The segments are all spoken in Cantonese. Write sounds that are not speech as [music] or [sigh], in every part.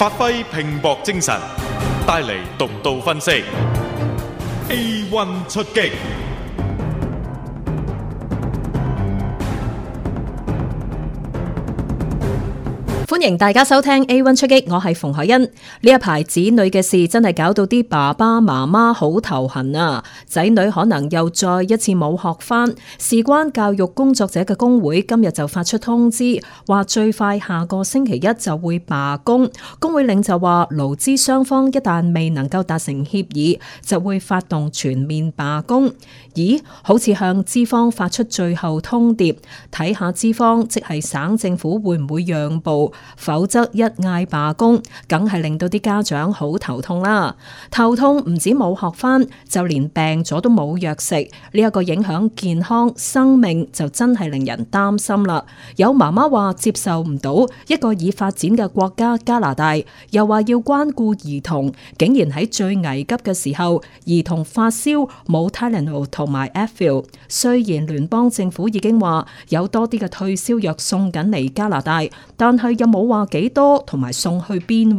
發揮拼搏精神，帶嚟獨到分析。A1 出擊。歡迎大家收聽 A One 出擊，我係馮海欣。呢一排子女嘅事真係搞到啲爸爸媽媽好頭痕啊！仔女可能又再一次冇學返。事關教育工作者嘅工會今日就發出通知，話最快下個星期一就會罷工。工會領就話勞資雙方一旦未能夠達成協議，就會發動全面罷工。咦，好似向資方發出最後通牒，睇下資方即係省政府會唔會讓步？否則一嗌罷工，梗係令到啲家長好頭痛啦。頭痛唔止冇學返，就連病咗都冇藥食，呢一個影響健康生命就真係令人擔心啦。有媽媽話接受唔到一個已發展嘅國家加拿大，又話要關顧兒童，竟然喺最危急嘅時候，兒童發燒冇 Tylenol 同埋阿菲爾。雖然聯邦政府已經話有多啲嘅退燒藥送緊嚟加拿大，但係有冇？我話幾多同埋送去邊？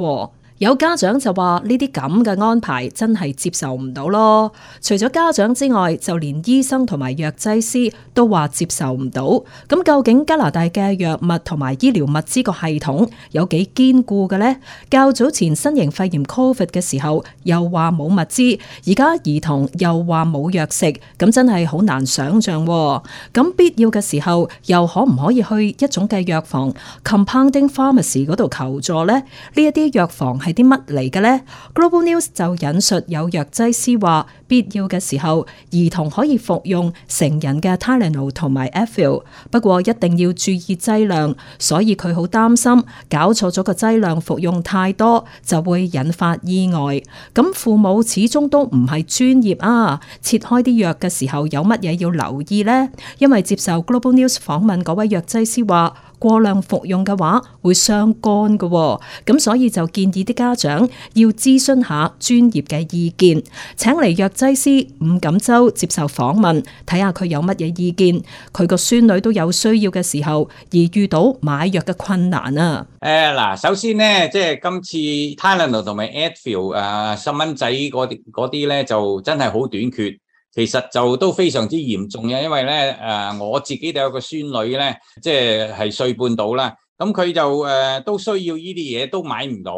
有家長就話呢啲咁嘅安排真係接受唔到咯。除咗家長之外，就連醫生同埋藥劑師都話接受唔到。咁究竟加拿大嘅藥物同埋醫療物資個系統有幾堅固嘅呢？較早前新型肺炎 COVID 嘅時候又話冇物資，而家兒童又話冇藥食，咁真係好難想像。咁必要嘅時候又可唔可以去一種嘅藥房 Compounding Pharmacy 嗰度求助呢？呢一啲藥房係。啲乜嚟嘅呢？Global News 就引述有藥劑師話，必要嘅時候，兒童可以服用成人嘅 Tylenol 同埋 Advil，不過一定要注意劑量，所以佢好擔心搞錯咗個劑量，服用太多就會引發意外。咁父母始終都唔係專業啊，切開啲藥嘅時候有乜嘢要留意呢？因為接受 Global News 訪問嗰位藥劑師話。過量服用嘅話會傷肝嘅，咁所以就建議啲家長要諮詢下專業嘅意見，請嚟藥劑師伍錦洲接受訪問，睇下佢有乜嘢意見。佢個孫女都有需要嘅時候，而遇到買藥嘅困難啊！誒，嗱，首先呢，即係今次 Tylenol 同埋 Advil 啊，細蚊仔嗰啲嗰啲咧就真係好短缺。其實就都非常之嚴重嘅，因為咧誒，我自己都有個孫女咧，即係係歲半到啦。咁佢就誒、呃、都需要呢啲嘢，都買唔到。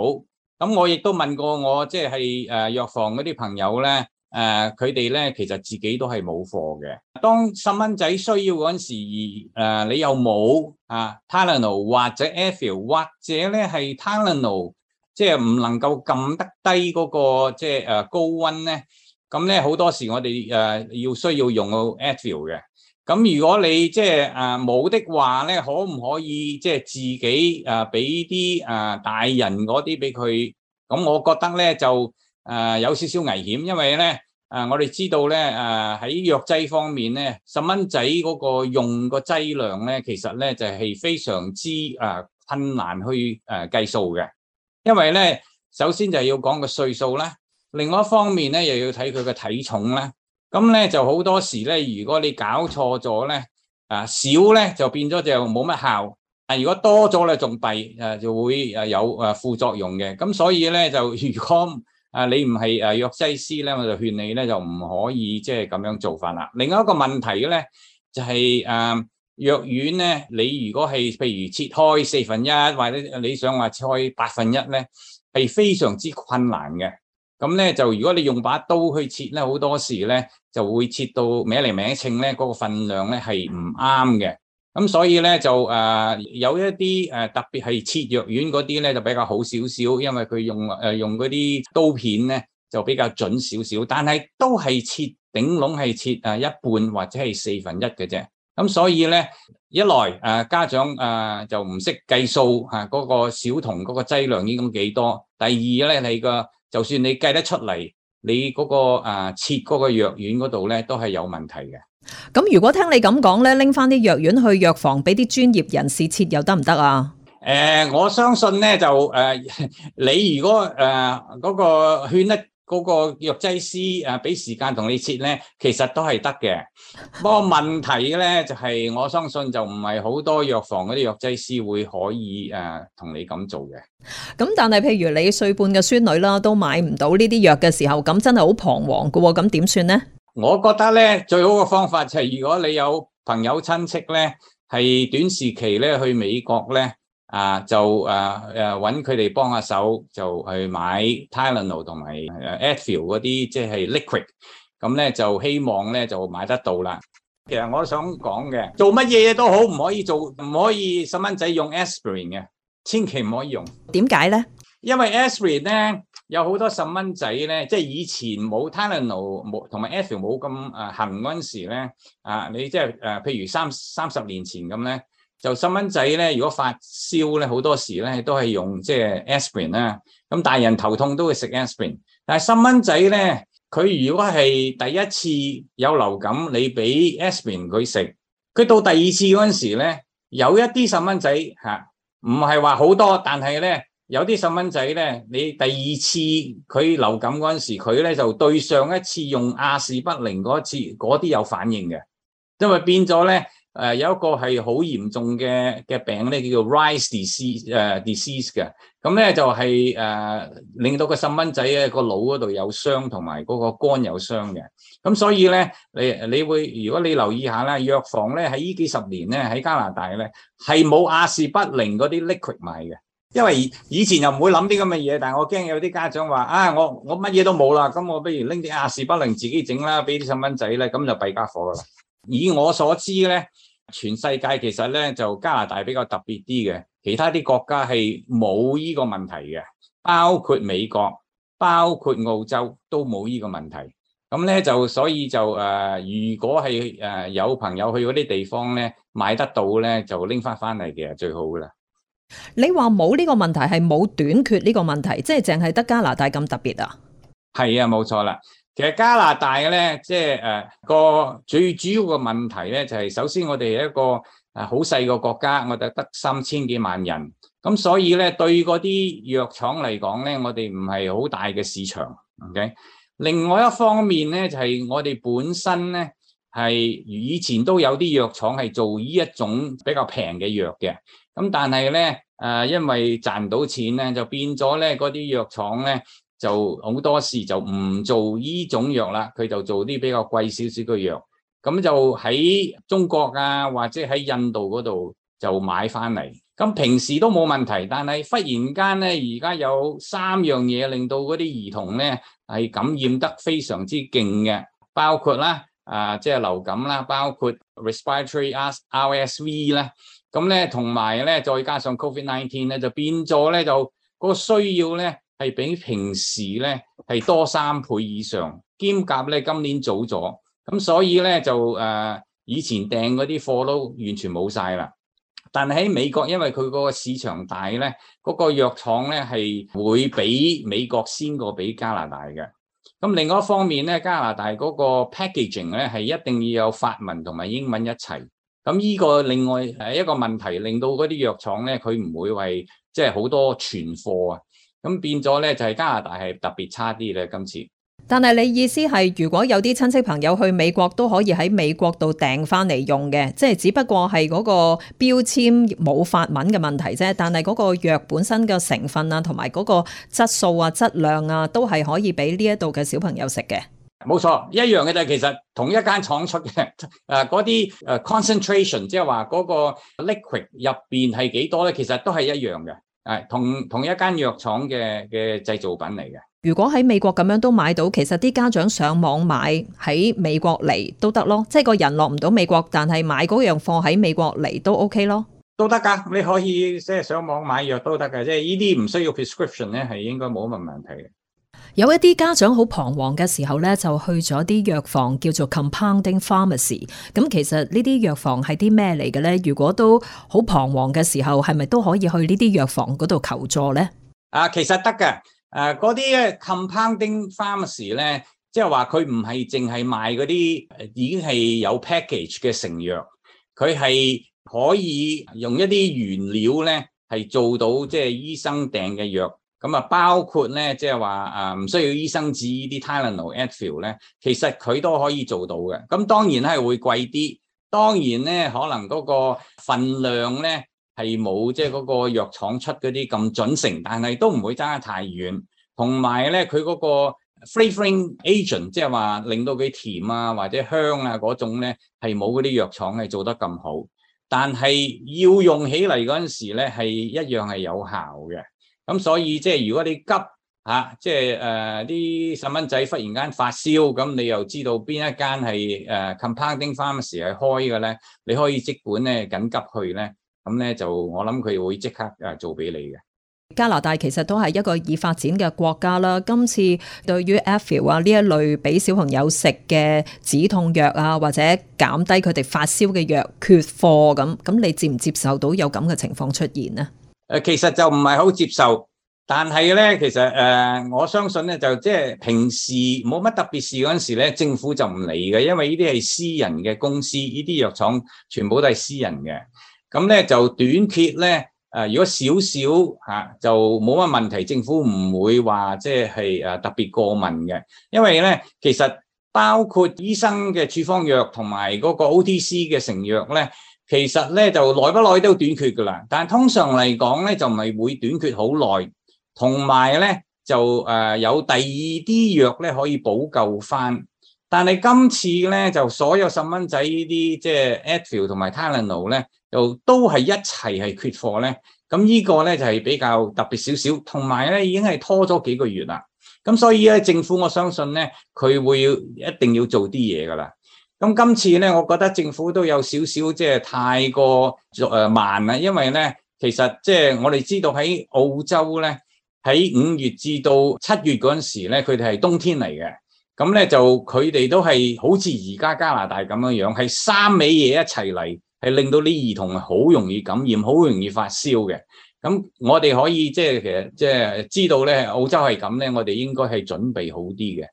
咁我亦都問過我即係誒藥房嗰啲朋友咧，誒佢哋咧其實自己都係冇貨嘅。當細蚊仔需要嗰陣時，誒、呃、你有冇啊，Tylenol 或者 Advil 或者咧係 Tylenol，即係唔能夠撳得低嗰、那個即係誒高温咧。咁咧好多時我哋誒要需要用到 Advil 嘅，咁、嗯、如果你即係誒冇的話咧，可唔可以即係、呃、自己誒俾啲誒大人嗰啲俾佢？咁、嗯、我覺得咧就誒、呃、有少少危險，因為咧誒、呃、我哋知道咧誒喺藥劑方面咧細蚊仔嗰個用個劑量咧，其實咧就係、是、非常之誒困、呃、難去誒、呃、計數嘅，因為咧首先就要講個歲數啦。另外一方面咧，又要睇佢嘅體重咧。咁咧就好多時咧，如果你搞錯咗咧，啊少咧就變咗就冇乜效；但係如果多咗咧，仲弊，誒就會誒有誒副作用嘅。咁所以咧，就如果啊你唔係誒藥劑師咧，我就勸你咧就唔可以即係咁樣做法啦。另外一個問題嘅咧，就係誒藥丸咧，你如果係譬如切開四分一，或者你想話切開八分一咧，係非常之困難嘅。咁咧就如果你用把刀去切咧，好多時咧就會切到歪嚟歪稱咧，嗰個份量咧係唔啱嘅。咁所以咧就誒、呃、有一啲誒、呃、特別係切藥丸嗰啲咧就比較好少少，因為佢用誒、呃、用嗰啲刀片咧就比較準少少，但係都係切頂籠係切啊一半或者係四分一嘅啫。咁所以咧，一來誒家長誒就唔識計數吓，嗰個小童嗰個劑量已經幾多？第二咧，你個就算你計得出嚟，你嗰個誒切嗰個藥丸嗰度咧，都係有問題嘅。咁如果聽你咁講咧，拎翻啲藥丸去藥房俾啲專業人士切又得唔得啊？誒，我相信咧就誒，你如果誒嗰個勸得。嗰個藥劑師誒，俾、啊、時間同你切咧，其實都係得嘅。不過問題咧就係、是，我相信就唔係好多藥房嗰啲藥劑師會可以誒同、啊、你咁做嘅。咁但係譬如你歲半嘅孫女啦，都買唔到呢啲藥嘅時候，咁真係好彷徨噶。咁點算咧？我覺得咧最好嘅方法就係，如果你有朋友親戚咧係短時期咧去美國咧。啊，就誒誒揾佢哋幫下手，就去買 Tylenol 同埋誒 Advil 嗰啲，即係 liquid。咁咧就希望咧就買得到啦。其實我想講嘅，做乜嘢都好，唔可以做，唔可以細蚊仔用 Aspirin 嘅，千祈唔可以用。點解咧？因為 Aspirin 咧有好多細蚊仔咧，即係以前冇 Tylenol 冇同埋 Advil 冇咁誒行嗰陣時咧。啊，你即係誒譬如三三十年前咁咧。就細蚊仔咧，如果發燒咧，好多時咧都係用即係 Aspirin 啦。咁大人頭痛都會食 Aspirin。但係細蚊仔咧，佢如果係第一次有流感，你俾 Aspirin 佢食，佢到第二次嗰陣時咧，有一啲細蚊仔嚇唔係話好多，但係咧有啲細蚊仔咧，你第二次佢流感嗰陣時，佢咧就對上一次用亞士不靈嗰次嗰啲有反應嘅，因為變咗咧。誒、呃，有一個係好嚴重嘅嘅病咧，叫做 Rice Disease 誒、呃、，Disease 嘅，咁咧就係、是、誒、呃、令到個細蚊仔咧個腦嗰度有傷，同埋嗰個肝有傷嘅。咁所以咧，你你會如果你留意下啦，藥房咧喺呢幾十年咧喺加拿大咧係冇亞士不靈嗰啲 liquid 賣嘅，因為以前又唔會諗啲咁嘅嘢，但係我驚有啲家長話啊，我我乜嘢都冇啦，咁我不如拎啲亞士不靈自己整啦，俾啲細蚊仔咧，咁就弊家伙噶啦。以我所知咧。全世界其實咧就加拿大比較特別啲嘅，其他啲國家係冇呢個問題嘅，包括美國、包括澳洲都冇呢個問題。咁咧就所以就誒、呃，如果係誒、呃、有朋友去嗰啲地方咧，買得到咧就拎翻翻嚟嘅最好噶啦。你話冇呢個問題係冇短缺呢個問題，即係淨係得加拿大咁特別啊？係啊，冇錯啦。其實加拿大嘅咧，即係誒個最主要嘅問題咧，就係首先我哋一個誒好細個國家，我哋得三千幾萬人，咁所以咧對嗰啲藥廠嚟講咧，我哋唔係好大嘅市場。OK，另外一方面咧就係我哋本身咧係以前都有啲藥廠係做呢一種比較平嘅藥嘅，咁但係咧誒因為賺唔到錢咧，就變咗咧嗰啲藥廠咧。就好多時就唔做依種藥啦，佢就做啲比較貴少少嘅藥，咁就喺中國啊或者喺印度嗰度就買翻嚟。咁平時都冇問題，但係忽然間咧，而家有三樣嘢令到嗰啲兒童咧係感染得非常之勁嘅，包括啦啊，即、呃、係、就是、流感啦，包括 respiratory R S V 啦。咁咧同埋咧再加上 Covid nineteen 咧，就變咗咧就嗰個需要咧，係比平時咧係多三倍以上，兼夾咧今年早咗，咁所以咧就誒、呃、以前訂嗰啲貨都完全冇晒啦。但喺美國，因為佢嗰個市場大咧，嗰、嗰個藥廠咧係會比美國先過畀加拿大嘅。咁另外一方面咧，加拿大嗰個 packaging 咧係一定要有法文同埋英文一齊。咁呢個另外誒一個問題，令到嗰啲藥廠咧佢唔會係即係好多存貨啊。咁變咗咧，就係加拿大係特別差啲咧，今次。但係你意思係，如果有啲親戚朋友去美國都可以喺美國度訂翻嚟用嘅，即係只不過係嗰個標籤冇法文嘅問題啫。但係嗰個藥本身嘅成分啊，同埋嗰個質素啊、質量啊，都係可以俾呢一度嘅小朋友食嘅。冇錯，一樣嘅，就係其實同一間廠出嘅。誒，嗰啲誒 concentration，即係話嗰個 liquid 入邊係幾多咧，其實都係一樣嘅。係同同一間藥廠嘅嘅製造品嚟嘅。如果喺美國咁樣都買到，其實啲家長上網買喺美國嚟都得咯，即係個人落唔到美國，但係買嗰樣貨喺美國嚟都 OK 咯，都得㗎。你可以即係上網買藥都得嘅，即係呢啲唔需要 prescription 咧，係應該冇乜問題。有一啲家長好彷徨嘅時候咧，就去咗啲藥房叫做 compounding pharmacy。咁其實呢啲藥房係啲咩嚟嘅咧？如果都好彷徨嘅時候，係咪都可以去呢啲藥房嗰度求助咧？啊，其實得嘅。誒、啊，嗰啲 compounding pharmacy 咧，即係話佢唔係淨係賣嗰啲已經係有 package 嘅成藥，佢係可以用一啲原料咧，係做到即係醫生訂嘅藥。咁啊，包括咧，即係話啊，唔需要醫生指呢啲 Tylenol、Advil 咧，其實佢都可以做到嘅。咁當然係會貴啲，當然咧，可能嗰個份量咧，係冇即係嗰個藥廠出嗰啲咁準成，但係都唔會爭得太遠。同埋咧，佢嗰個 flavoring agent，即係話令到佢甜啊或者香啊嗰種咧，係冇嗰啲藥廠係做得咁好，但係要用起嚟嗰陣時咧，係一樣係有效嘅。咁所以即係如果你急吓、啊，即係誒啲細蚊仔忽然間發燒，咁你又知道邊一間係誒、呃、Compounding Pharmacy 係開嘅咧，你可以即管咧緊急去咧，咁咧就我諗佢會即刻誒做俾你嘅。加拿大其實都係一個已發展嘅國家啦。今次對於 a f i l 啊呢一類俾小朋友食嘅止痛藥啊或者減低佢哋發燒嘅藥缺貨咁，咁你接唔接受到有咁嘅情況出現咧？誒其實就唔係好接受，但係咧，其實誒、呃、我相信咧，就即係平時冇乜特別事嗰陣時咧，政府就唔理嘅，因為呢啲係私人嘅公司，呢啲藥廠全部都係私人嘅。咁咧就短缺咧，誒、呃、如果少少吓就冇乜問題，政府唔會話即係誒特別過問嘅，因為咧其實包括醫生嘅處方藥同埋嗰個 OTC 嘅成藥咧。其實咧就耐不耐都短缺噶啦，但係通常嚟講咧就唔係會短缺好耐，同埋咧就誒有、呃、有第二啲藥咧可以補救翻。但係今次咧就所有細蚊仔呢啲即係 Advil 同埋 Tylenol 咧就都係一齊係缺貨咧。咁呢個咧就係、是、比較特別少少，同埋咧已經係拖咗幾個月啦。咁所以咧政府我相信咧佢會要一定要做啲嘢噶啦。咁今次咧，我覺得政府都有少少即係太過誒慢啦，因為咧其實即係我哋知道喺澳洲咧，喺五月至到七月嗰陣時咧，佢哋係冬天嚟嘅。咁咧就佢哋都係好似而家加拿大咁樣樣，係三味嘢一齊嚟，係令到啲兒童好容易感染，好容易發燒嘅。咁我哋可以即係其實即係知道咧，澳洲係咁咧，我哋應該係準備好啲嘅。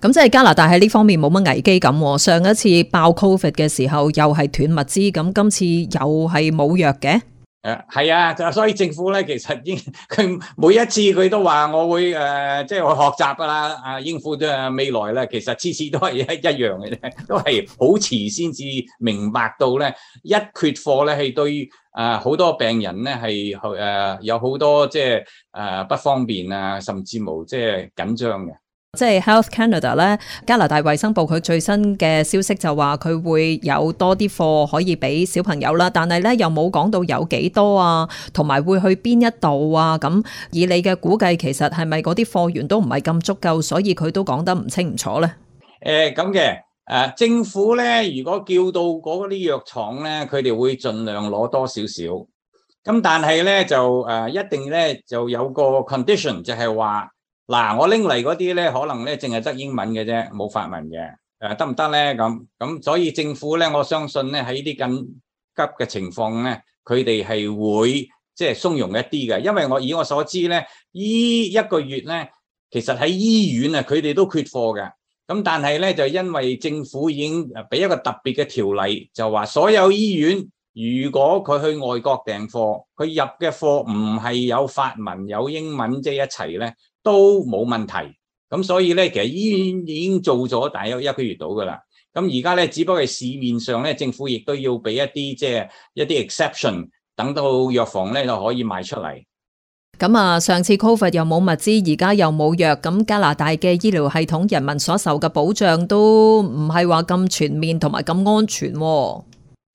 咁即係加拿大喺呢方面冇乜危機感、哦。上一次爆 Covid 嘅時候，又係斷物資，咁今次又係冇藥嘅。誒，係啊，就、啊、所以政府咧，其實已經佢每一次佢都話我會誒、呃，即係我學習噶啦。啊，應付咗未來啦，其實次次都係一一樣嘅啫，都係好遲先至明白到咧，一缺貨咧係對於誒好、呃、多病人咧係誒有好多即係誒、呃、不方便啊，甚至無即係緊張嘅。即係 Health Canada 咧，加拿大衞生部佢最新嘅消息就話佢會有多啲貨可以俾小朋友啦，但係咧又冇講到有幾多啊，同埋會去邊一度啊？咁以你嘅估計，其實係咪嗰啲貨源都唔係咁足夠，所以佢都講得唔清唔楚咧？誒咁嘅誒政府咧，如果叫到嗰啲藥廠咧，佢哋會盡量攞多少少，咁但係咧就誒、呃、一定咧就有個 condition 就係話。嗱，我拎嚟嗰啲咧，可能咧，淨係得英文嘅啫，冇法文嘅，誒，得唔得咧？咁咁，所以政府咧，我相信咧，喺呢啲緊急嘅情況咧，佢哋係會即係鬆容一啲嘅，因為我以我所知咧，呢一個月咧，其實喺醫院啊，佢哋都缺貨嘅，咁但係咧，就因為政府已經俾一個特別嘅條例，就話所有醫院如果佢去外國訂貨，佢入嘅貨唔係有法文有英文即係一齊咧。都冇問題，咁所以咧，其實醫院已經做咗大約一個月到㗎喇。咁而家咧，只不過係市面上咧，政府亦都要俾一啲即係一啲 exception，等到藥房咧就可以賣出嚟。咁啊、嗯，上次 COVID 又冇物資，而家又冇藥，咁加拿大嘅醫療系統人民所受嘅保障都唔係話咁全面同埋咁安全，哦。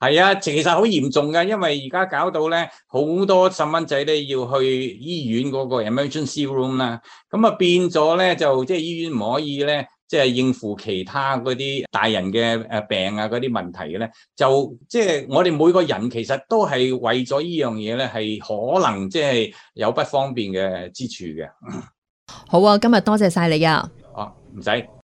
係啊，其實好嚴重噶，因為而家搞到咧，好多細蚊仔咧要去醫院嗰個 emergency room 啦。咁啊變咗咧就即係醫院唔可以咧，即係應付其他嗰啲大人嘅誒病啊嗰啲問題嘅咧，就即係我哋每個人其實都係為咗呢樣嘢咧，係可能即係有不方便嘅之處嘅。 [laughs] 好啊，今日多謝晒你啊。哦，唔使。